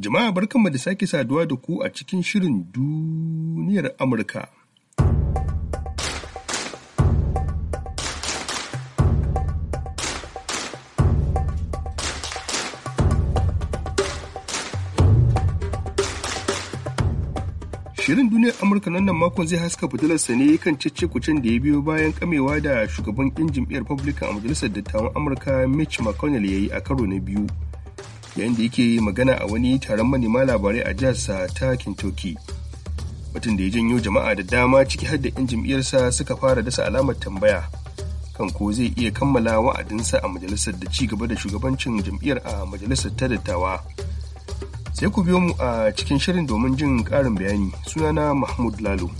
Jama'a barkanmu da sake saduwa da ku a cikin shirin duniyar Amurka. Shirin duniyar Amurka nan makon zai haska fitilarsa ne kan cece kucin da ya biyo bayan kamewa da shugaban ɗin jam'iyyar Republican a Majalisar Dattawan Amurka Mitch McConnell ya yi a karo na biyu. yayin da yake magana a wani taron manema labarai a jihar ta kintoki watan da ya janyo jama'a da dama ciki har da 'yan jam'iyyarsa suka fara dasa alamar tambaya kan ko zai iya kammala wa'adinsa a majalisar da ci gaba da shugabancin jam'iyyar a majalisar ta dattawa. Sai ku biyo mu a cikin shirin domin jin ƙarin bayani sunana Mahmud Lalo.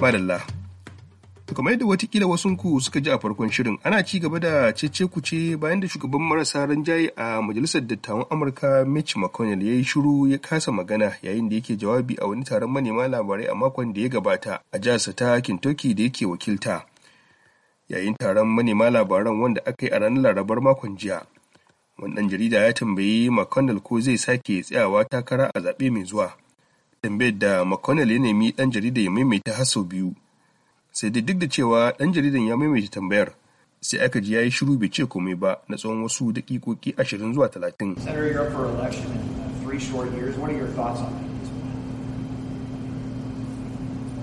Madalla. To kamar yadda watakila wasunku suka ji a farkon shirin ana ci gaba da cece ce bayan da shugaban marasa ranjaye a majalisar dattawan Amurka Mitch McConnell ya yi shiru ya kasa magana yayin da yake jawabi a wani taron manema labarai a makon da ya gabata a jihar ta Kentucky da yake wakilta. Yayin taron manema labaran wanda aka yi a ranar Larabar makon jiya. Wannan jarida ya tambayi McConnell ko zai sake tsayawa takara a zaɓe mai zuwa. tambayar da McConnell ya nemi ɗan jaridar ya maimaita har sau biyu. Sai dai duk da cewa ɗan jaridan ya maimaita tambayar, sai aka ji ya yi shiru bai ce komai ba na tsawon wasu daƙiƙoƙi ashirin zuwa talatin.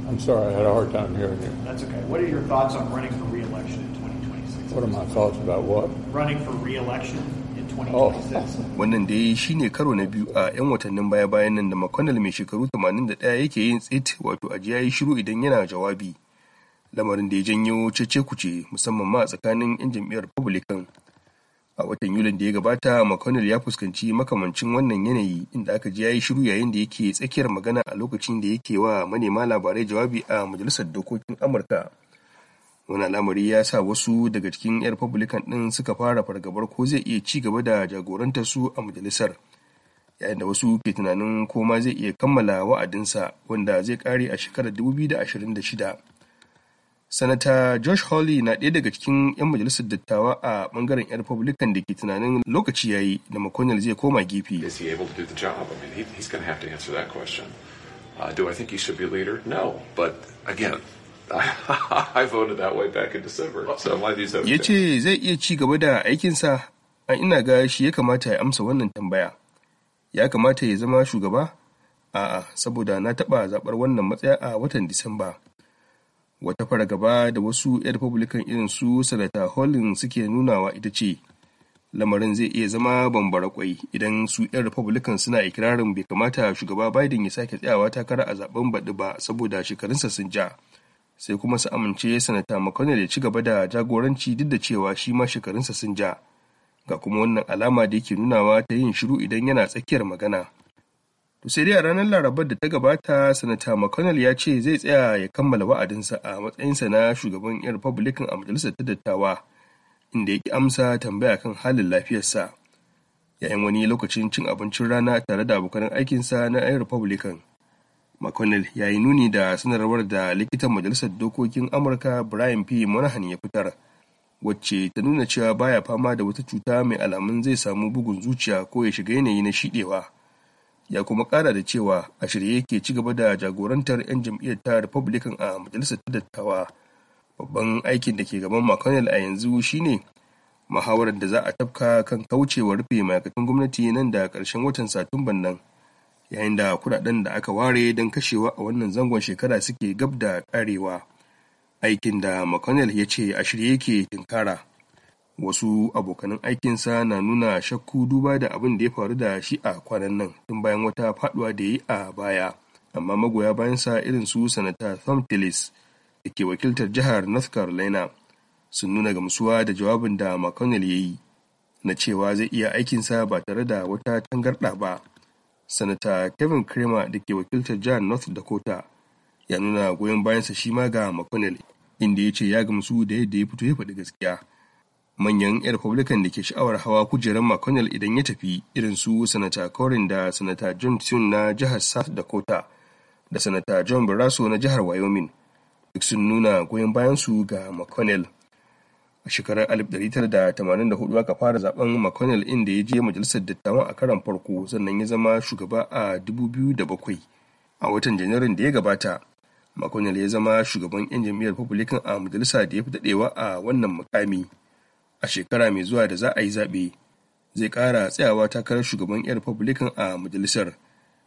Uh, I'm sorry, I had a hard time hearing you. That's okay. What are your thoughts on running for re-election in 2026? What are my thoughts about what? Running for re-election Oh. Wannan da ya yi shi ne karo na biyu a 'yan watannin baya-bayan nan da McConnell mai shekaru 81 yake yin tsit wato a ya yi shiru idan yana jawabi. Lamarin da ya janyo cece kuce musamman ma a tsakanin 'yan jam'iyyar Republican. A watan Yulin da ya gabata McConnell ya fuskanci makamancin wannan yanayi inda aka ji ya yi shiru yayin da yake tsakiyar magana a lokacin da yake wa manema labarai jawabi a Majalisar Dokokin Amurka. wani al'amari ya sa wasu daga cikin 'yan republican ɗin suka fara fargabar ko zai iya ci gaba da jagorantar su a majalisar yayin da wasu ke tunanin ko ma zai iya kammala wa'adinsa wanda zai kare a shekarar 2026 sanata josh hawley na ɗaya daga cikin 'yan majalisar dattawa a ɓangaren 'yan republican da ke tunanin lokaci yayi da mcconnell zai koma gefe Uh, do I think he should be leader? No. But again, I voted that way back in December, so have. Ya ce zai iya ci gaba da aikinsa, an ina ga shi ya kamata ya amsa wannan tambaya. Ya kamata ya zama shugaba? A'a, saboda na taɓa zaɓar wannan matsaya a watan Disamba. Wata fara gaba da wasu 'yan Republican irin su Sanata holin suke nunawa ita ce, lamarin zai iya zama bambara kwai idan su 'yan Republican suna ikirarin bai kamata shugaba Biden ya sake tsayawa takara a zaben baɗi ba saboda shekarunsa sun ja. sai kuma su amince sanata mcconnell ya ci gaba da jagoranci duk da cewa shi ma shekarunsa sun ja ga kuma wannan alama da yake nunawa ta yin shiru idan yana tsakiyar magana to sai dai a ranar larabar da ta gabata sanata mcconnell ya ce zai tsaya ya kammala wa'adinsa a matsayinsa na shugaban Yar republican a majalisar ta dattawa inda ya ki amsa tambaya kan halin lafiyarsa yayin wani lokacin cin abincin rana tare da abokan aikinsa na yan republican mcconnell ya yi nuni da sanarwar da likitan majalisar dokokin amurka brian p monahan ya fitar wacce ta nuna cewa baya fama da wata cuta mai alamun zai samu bugun zuciya ko ya shiga yanayi na shiɗewa ya kuma kara da cewa a shirye yake ci gaba da jagorantar 'yan jam'iyyar ta republican a majalisar ta dattawa babban aikin da ke gaban mcconnell a yanzu shine muhawarar da za a tafka kan kaucewa rufe ma'aikatan gwamnati nan da karshen watan satumban nan yayin da kudaden da aka ware don kashewa a wannan zangon shekara suke gab da karewa aikin da mcconnell ya ce a shirye yake tinkara wasu abokanan aikinsa na nuna shakku duba da abin da ya faru da shi a kwanan nan tun bayan wata faduwa da ya yi a baya amma magoya bayansa irin su sanata tom tillis da ke wakiltar jihar north carolina sun nuna gamsuwa da jawabin da mcconnell ya yi na cewa zai iya aikinsa ba tare da wata tangarɗa ba sanata kevin kramer da ke wakiltar jihar north dakota ya nuna goyon bayansa shi ma ga mcconnell inda ya ce ya gamsu da yadda ya fito ya faɗi gaskiya manyan 'yan republican da ke sha'awar hawa kujerar mcconnell idan ya tafi irin su sanata corin da sanata john tune na jihar south dakota da sanata john barrasso na jihar wyoming duk sun nuna goyon bayansu ga mcconnell a shekarar 1984 aka fara zaben mcconnell inda ya je majalisar dattawan a karan farko sannan ya zama shugaba a 2007 a watan janairun da ya gabata mcconnell ya zama shugaban 'yan jam'iyyar republican a majalisa da ya fi daɗewa a wannan mukami a shekara mai zuwa da za a yi zaɓe zai ƙara tsayawa takarar shugaban 'yan republican a majalisar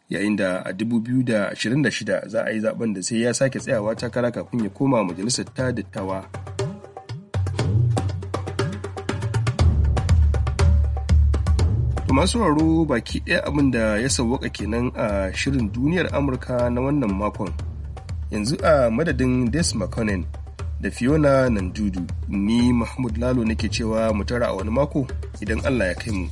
yayin da a 2026 za a yi zaben da sai ya sake tsayawa takara kafin ya koma majalisar ta dattawa. masu raro baki ɗaya abin da ya sauwaka kenan a shirin duniyar amurka na wannan makon yanzu a madadin des mcconnell da fiona nandudu ni mahmud lalo nake cewa mu tara a wani mako idan allah ya kai mu